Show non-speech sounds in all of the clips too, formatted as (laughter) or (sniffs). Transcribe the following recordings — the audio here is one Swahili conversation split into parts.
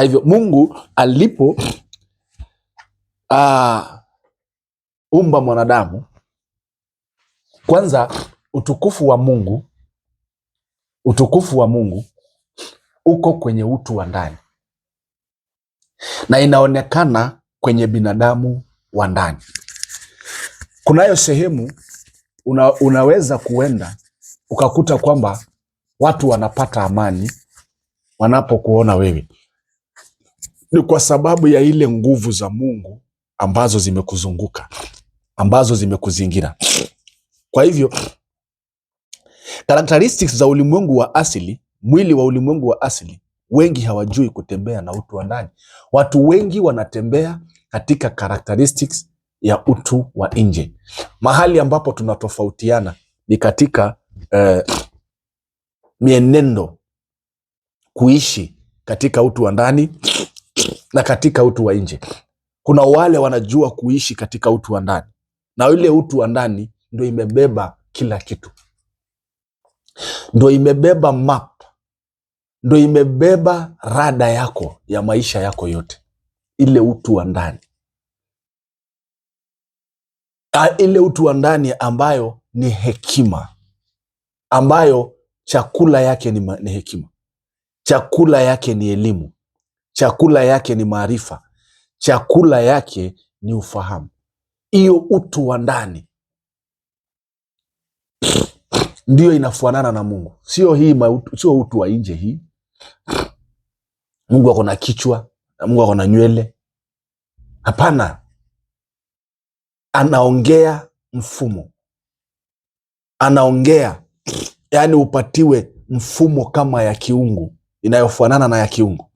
Hivyo Mungu alipo uh, umba mwanadamu, kwanza utukufu wa Mungu, utukufu wa Mungu uko kwenye utu wa ndani na inaonekana kwenye binadamu wa ndani. Kunayo sehemu una, unaweza kuenda ukakuta kwamba watu wanapata amani wanapokuona wewe, ni kwa sababu ya ile nguvu za Mungu ambazo zimekuzunguka, ambazo zimekuzingira. Kwa hivyo characteristics za ulimwengu wa asili, mwili wa ulimwengu wa asili, wengi hawajui kutembea na utu wa ndani. Watu wengi wanatembea katika characteristics ya utu wa nje. Mahali ambapo tunatofautiana ni katika eh, mienendo kuishi katika utu wa ndani na katika utu wa nje. Kuna wale wanajua kuishi katika utu wa ndani, na ile utu wa ndani ndo imebeba kila kitu, ndo imebeba map, ndo imebeba rada yako ya maisha yako yote, ile utu wa ndani A, ah, ile utu wa ndani ambayo ni hekima, ambayo chakula yake ni, ni hekima. Chakula yake ni elimu, chakula yake ni maarifa, chakula yake ni ufahamu. Hiyo utu wa ndani ndiyo inafuanana na Mungu, sio hii mautu, sio utu wa nje hii. Mungu ako na kichwa na Mungu ako na nywele? Hapana, anaongea mfumo, anaongea yaani upatiwe mfumo kama ya kiungu inayofanana na ya kiungu.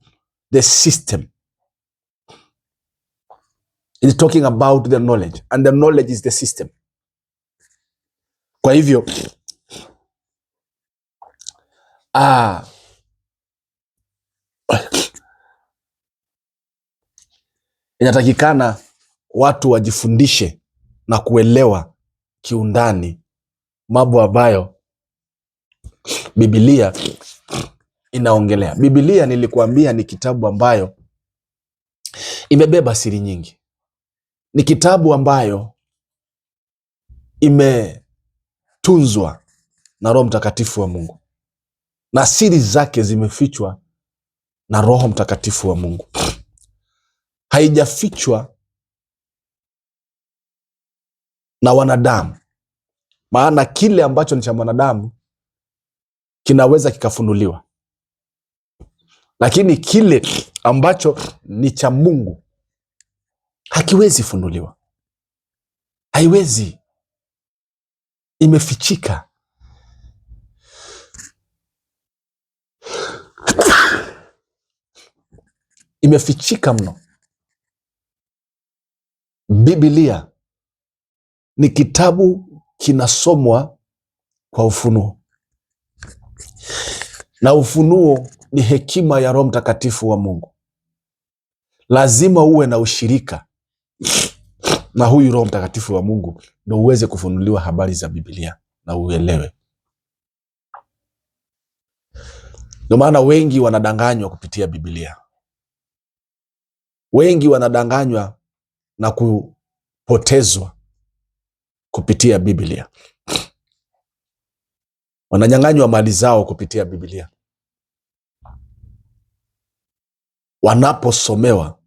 The system is talking about the knowledge and the knowledge is the system. Kwa hivyo (sniffs) ah, (sniffs) inatakikana watu wajifundishe na kuelewa kiundani mambo ambayo Biblia inaongelea. Biblia nilikuambia ni kitabu ambayo imebeba siri nyingi, ni kitabu ambayo imetunzwa na Roho Mtakatifu wa Mungu na siri zake zimefichwa na Roho Mtakatifu wa Mungu, haijafichwa na wanadamu, maana kile ambacho ni cha mwanadamu kinaweza kikafunuliwa lakini kile ambacho ni cha Mungu hakiwezi funuliwa, haiwezi, imefichika. Imefichika mno. Biblia ni kitabu kinasomwa kwa ufunuo, na ufunuo ni hekima ya Roho Mtakatifu wa Mungu. Lazima uwe na ushirika na huyu Roho Mtakatifu wa Mungu ndo uweze kufunuliwa habari za Biblia na uelewe. Ndio maana wengi wanadanganywa kupitia Biblia, wengi wanadanganywa na kupotezwa kupitia Biblia, wananyang'anywa mali zao kupitia Biblia. wanaposomewa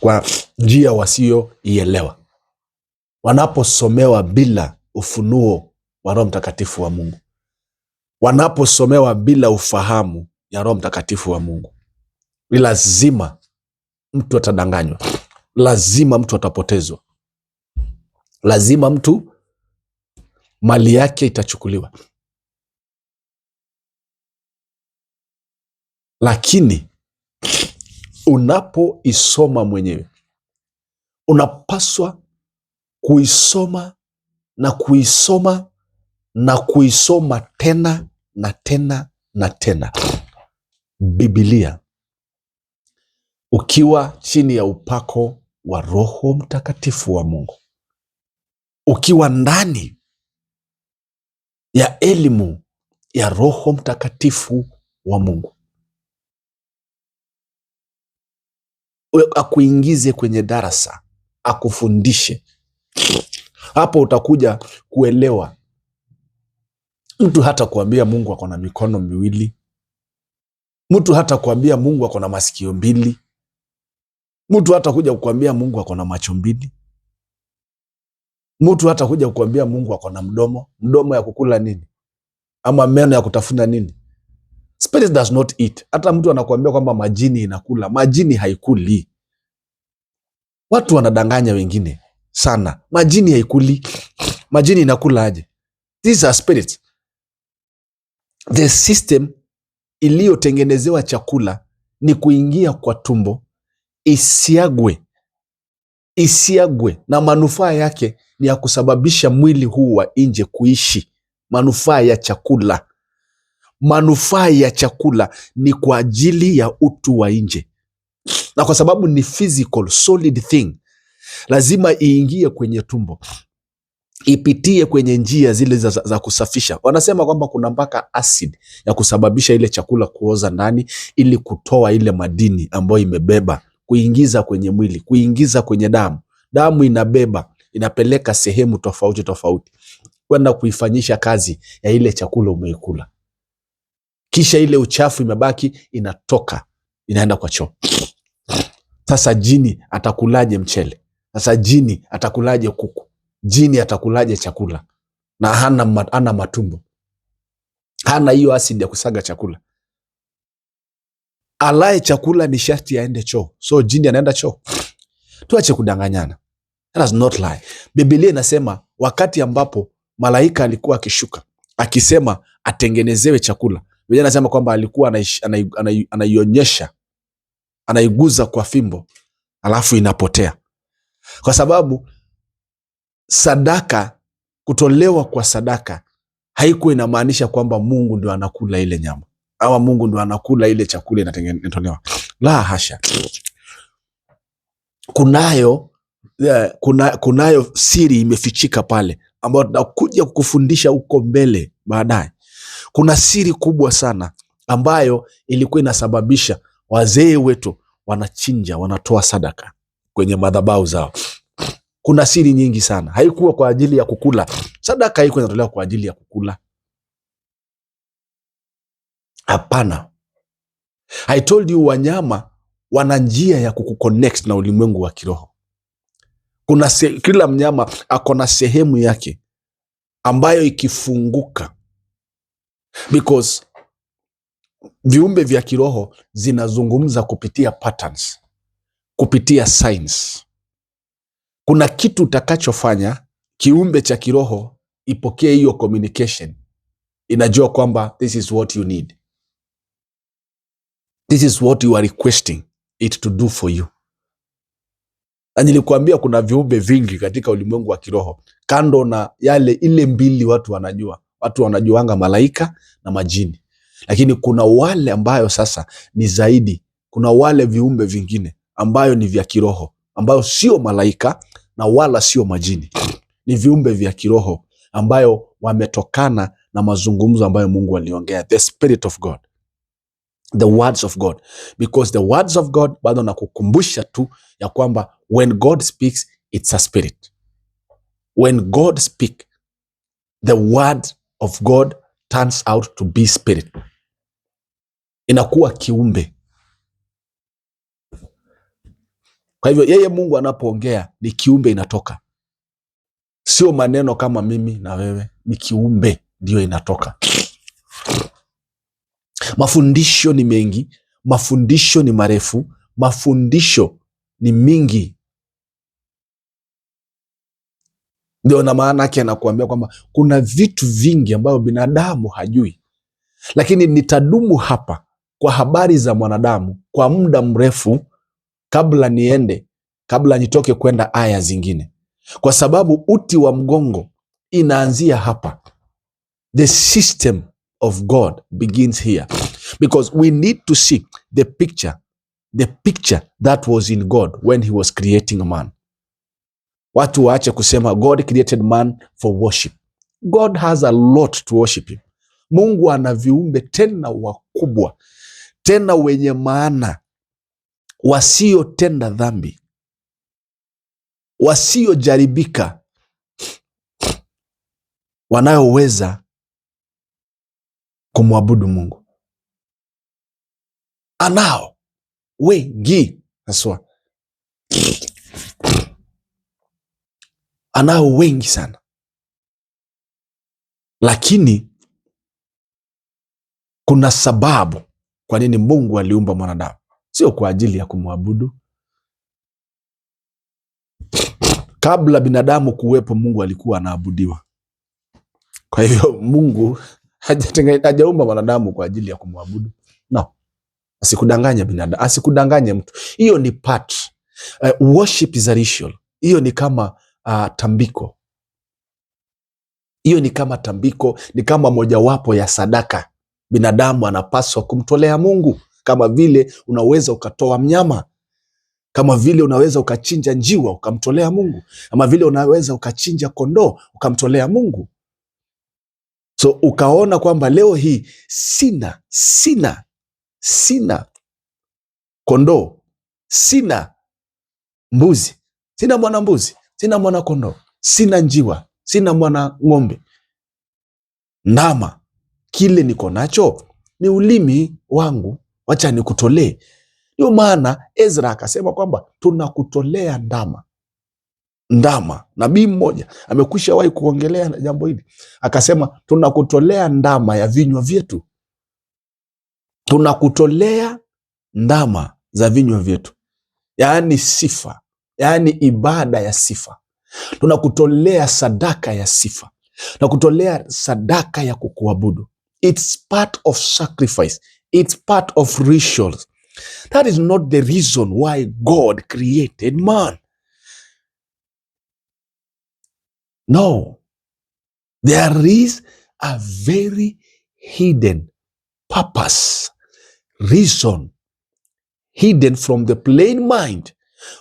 kwa njia wasiyoielewa, wanaposomewa bila ufunuo wa Roho Mtakatifu wa Mungu, wanaposomewa bila ufahamu ya Roho Mtakatifu wa Mungu, ni lazima mtu atadanganywa, lazima mtu atapotezwa, lazima mtu mali yake itachukuliwa. Lakini unapoisoma mwenyewe unapaswa kuisoma na kuisoma na kuisoma tena na tena na tena. Biblia ukiwa chini ya upako wa Roho Mtakatifu wa Mungu, ukiwa ndani ya elimu ya Roho Mtakatifu wa Mungu, akuingize kwenye darasa, akufundishe. Hapo utakuja kuelewa. Mtu hata kuambia Mungu ako na mikono miwili, mtu hata kuambia Mungu ako na masikio mbili, mtu hata kuja kuambia Mungu ako na macho mbili, mtu hata kuja kuambia Mungu ako na mdomo. Mdomo ya kukula nini? Ama meno ya kutafuna nini? Spirit does not eat. Hata mtu anakuambia kwamba majini inakula, majini haikuli. Watu wanadanganya wengine sana. Majini haikuli, majini inakula aje? These are spirits. The system iliyotengenezewa chakula ni kuingia kwa tumbo, isiagwe, isiagwe, na manufaa yake ni ya kusababisha mwili huu wa nje kuishi, manufaa ya chakula manufaa ya chakula ni kwa ajili ya utu wa nje, na kwa sababu ni physical solid thing, lazima iingie kwenye tumbo, ipitie kwenye njia zile za, za kusafisha. Wanasema kwamba kuna mpaka acid ya kusababisha ile chakula kuoza ndani, ili kutoa ile madini ambayo imebeba, kuingiza kwenye mwili, kuingiza kwenye damu. Damu inabeba inapeleka sehemu tofauti tofauti, kwenda kuifanyisha kazi ya ile chakula umeikula kisha ile uchafu imebaki inatoka inaenda kwa choo. Sasa jini atakulaje mchele? Sasa jini atakulaje kuku? Jini atakulaje chakula? Na hana, hana matumbo, hana hiyo asidi ya kusaga chakula. Alaye chakula ni sharti aende choo, so jini anaenda choo. Tuache kudanganyana, that is not lie. Biblia inasema wakati ambapo malaika alikuwa akishuka akisema atengenezewe chakula Biblia inasema kwamba alikuwa anaionyesha anaiguza kwa fimbo alafu inapotea, kwa sababu sadaka, kutolewa kwa sadaka haikuwa inamaanisha kwamba Mungu ndio anakula ile nyama ama Mungu ndio anakula ile chakula inatolewa. La hasha, kunayo kuna, kunayo siri imefichika pale ambayo tunakuja kukufundisha huko mbele baadaye. Kuna siri kubwa sana ambayo ilikuwa inasababisha wazee wetu wanachinja, wanatoa sadaka kwenye madhabahu zao. Kuna siri nyingi sana, haikuwa kwa ajili ya kukula. Sadaka haikuwa inatolewa kwa ajili ya kukula, hapana. I told you, wanyama wana njia ya kukuconnect na ulimwengu wa kiroho. Kuna se, kila mnyama ako na sehemu yake ambayo ikifunguka because viumbe vya kiroho zinazungumza kupitia patterns, kupitia signs. Kuna kitu utakachofanya kiumbe cha kiroho ipokee hiyo communication, inajua kwamba this is what you need, this is what you are requesting it to do for you. Na nilikuambia kuna viumbe vingi katika ulimwengu wa kiroho, kando na yale ile mbili watu wanajua watu wanajuanga malaika na majini, lakini kuna wale ambayo sasa ni zaidi. Kuna wale viumbe vingine ambayo ni vya kiroho, ambayo sio malaika na wala sio majini, ni viumbe vya kiroho ambayo wametokana na mazungumzo ambayo Mungu aliongea, the spirit of God, the words of God, because the words of God, bado nakukumbusha tu ya kwamba when God speaks it's a spirit, when God speak the word of God turns out to be spirit, inakuwa kiumbe. Kwa hivyo yeye Mungu anapoongea ni kiumbe inatoka, sio maneno kama mimi na wewe, ni kiumbe ndiyo inatoka. Mafundisho ni mengi, mafundisho ni marefu, mafundisho ni mingi Ndio na maana yake anakuambia kwamba kuna vitu vingi ambavyo binadamu hajui, lakini nitadumu hapa kwa habari za mwanadamu kwa muda mrefu, kabla niende, kabla nitoke kwenda aya zingine, kwa sababu uti wa mgongo inaanzia hapa. The system of God begins here because we need to see the picture, the picture that was in God when he was creating a man Watu waache kusema God created man for worship. God has a lot to worship him. Mungu ana viumbe tena wakubwa tena wenye maana, wasiotenda dhambi, wasiojaribika, wanayoweza kumwabudu Mungu. Anao wengi haswa anao wengi sana, lakini kuna sababu kwa nini Mungu aliumba mwanadamu, sio kwa ajili ya kumwabudu. Kabla binadamu kuwepo, Mungu alikuwa anaabudiwa. Kwa hivyo Mungu hajaumba mwanadamu kwa ajili ya kumwabudu no. Asikudanganye binadamu, asikudanganye mtu. Hiyo ni part uh, worship is a ritual. Hiyo ni kama uh, tambiko. Hiyo ni kama tambiko, ni kama mojawapo ya sadaka binadamu anapaswa kumtolea Mungu, kama vile unaweza ukatoa mnyama, kama vile unaweza ukachinja njiwa ukamtolea Mungu, kama vile unaweza ukachinja kondoo ukamtolea Mungu. So ukaona kwamba leo hii sina sina sina kondoo, sina mbuzi, sina mwana mbuzi, sina mwana kondoo, sina njiwa, sina mwana ng'ombe, ndama. Kile niko nacho ni ulimi wangu, wacha nikutolee. Ndio maana Ezra akasema kwamba tunakutolea ndama ndama. Nabii mmoja amekwisha wahi kuongelea jambo hili, akasema tunakutolea ndama ya vinywa vyetu, tunakutolea ndama za vinywa vyetu, yaani sifa yaani ibada ya sifa, tunakutolea sadaka ya sifa na kutolea sadaka ya kukuabudu. It's part of sacrifice, it's part of rituals. That is not the reason why God created man. No, there is a very hidden purpose, reason, hidden from the plain mind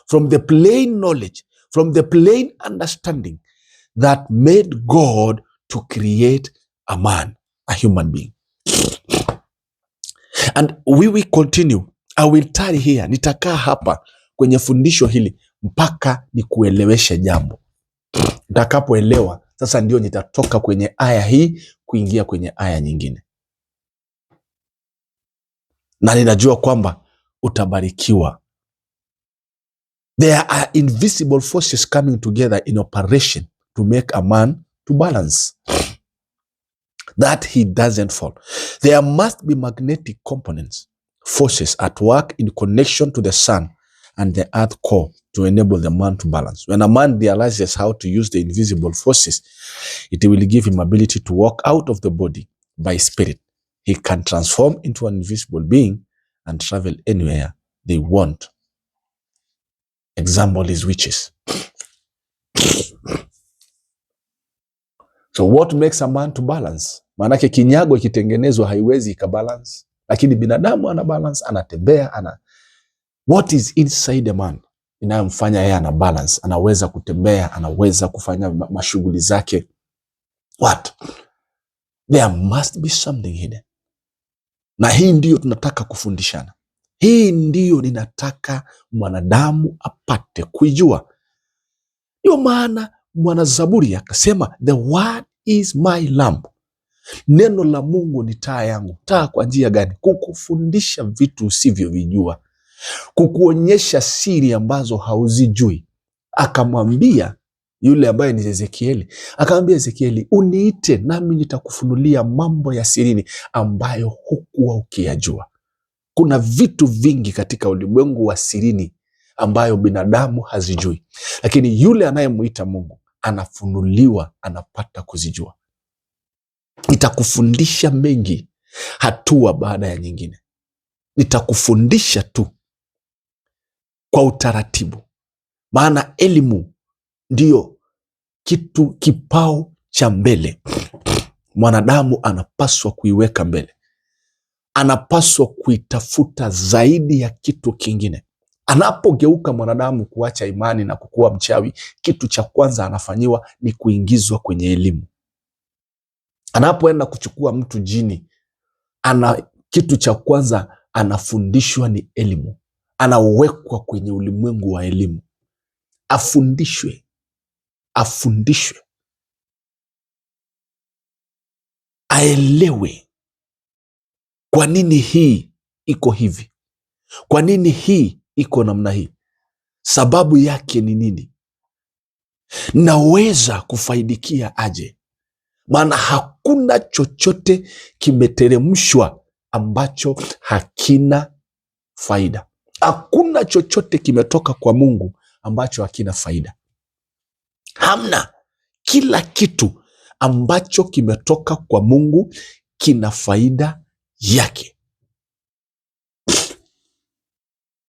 from the plain knowledge, from the plain understanding that made God to create a man, a human being. And we will continue. I will tarry here, nitakaa hapa kwenye fundisho hili mpaka nikueleweshe jambo. Nitakapoelewa sasa, ndio nitatoka kwenye aya hii kuingia kwenye aya nyingine, na ninajua kwamba utabarikiwa There are invisible forces coming together in operation to make a man to balance (sniffs) that he doesn't fall. There must be magnetic components, forces at work in connection to the sun and the earth core to enable the man to balance. When a man realizes how to use the invisible forces, it will give him ability to walk out of the body by spirit. He can transform into an invisible being and travel anywhere they want Example is witches. So what makes a man to balance? Maanake kinyago ikitengenezwa haiwezi ikabalance, lakini binadamu ana balance, anatembea ana what is inside a man inayomfanya yeye ana balance, anaweza kutembea, anaweza kufanya mashughuli zake. What? There must be something hidden, na hii ndiyo tunataka kufundishana. Hii ndiyo ninataka mwanadamu apate kuijua. ndio maana mwanazaburi akasema, the word is my lamp, neno la Mungu ni taa yangu. Taa kwa njia gani? Kukufundisha vitu usivyovijua, kukuonyesha siri ambazo hauzijui. Akamwambia yule ambaye ni Ezekieli, akamwambia Ezekieli, uniite nami nitakufunulia mambo ya sirini ambayo hukuwa ukiyajua. Kuna vitu vingi katika ulimwengu wa sirini ambayo binadamu hazijui, lakini yule anayemuita Mungu anafunuliwa, anapata kuzijua. Nitakufundisha mengi hatua baada ya nyingine, nitakufundisha tu kwa utaratibu, maana elimu ndiyo kitu kipao cha mbele mwanadamu anapaswa kuiweka mbele anapaswa kuitafuta zaidi ya kitu kingine. Anapogeuka mwanadamu kuacha imani na kukuwa mchawi, kitu cha kwanza anafanyiwa ni kuingizwa kwenye elimu. Anapoenda kuchukua mtu jini, ana kitu cha kwanza anafundishwa ni elimu, anawekwa kwenye ulimwengu wa elimu, afundishwe, afundishwe, aelewe kwa nini hii iko hivi? Kwa nini hii iko namna hii? Sababu yake ni nini? Naweza kufaidikia aje? Maana hakuna chochote kimeteremshwa ambacho hakina faida. Hakuna chochote kimetoka kwa Mungu ambacho hakina faida. Hamna. Kila kitu ambacho kimetoka kwa Mungu kina faida Jakie?